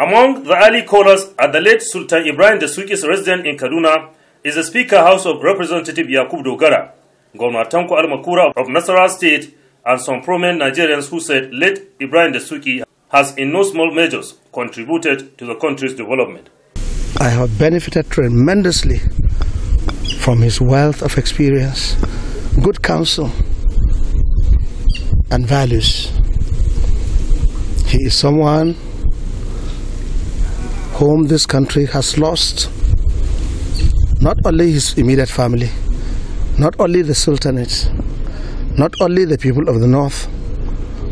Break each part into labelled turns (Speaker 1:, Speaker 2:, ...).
Speaker 1: Among the early callers are the late Sultan Ibrahim Dasuki's resident in Kaduna is the Speaker House of Representative Yakub Dogara, Governor Tanko makura of Nasarawa State, and some prominent Nigerians who said late Ibrahim Dasuki has in no small measures contributed to the country's development.
Speaker 2: I have benefited tremendously from his wealth of experience, good counsel, and values. He is someone whom this country has lost not only his immediate family, not only the Sultanate, not only the people of the north,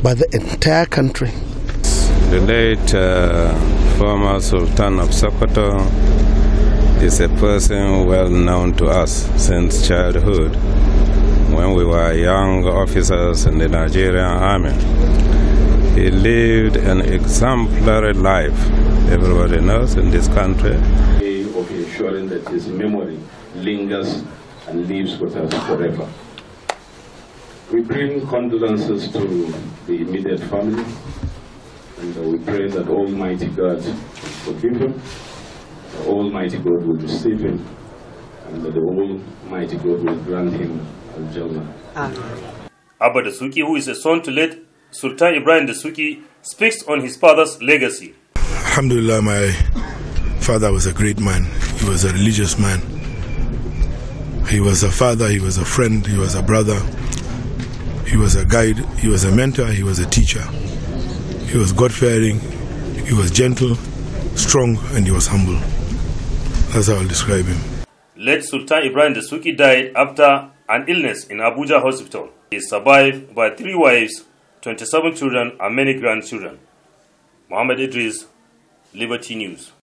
Speaker 2: but the entire country.
Speaker 3: The late uh, former Sultan of Sokoto is a person well known to us since childhood when we were young officers in the Nigerian army. He lived an exemplary life, everybody knows in this country.
Speaker 4: Way of ensuring that his memory lingers and lives with us forever. We bring condolences to the immediate family, and we pray that Almighty God forgive him, that Almighty God will receive him, and that the Almighty God will grant him
Speaker 1: al-Jannah. Abba Suki, who is a son to late Sultan Ibrahim Suki speaks on his father's legacy.
Speaker 5: Alhamdulillah, my father was a great man. He was a religious man. He was a father, he was a friend, he was a brother, he was a guide, he was a mentor, he was a teacher. He was God fearing, he was gentle, strong, and he was humble. That's how I'll describe him.
Speaker 1: Late Sultan Ibrahim Desuki died after an illness in Abuja Hospital. He is survived by three wives 27 children and many grandchildren. Muhammad Idris, Liberty News.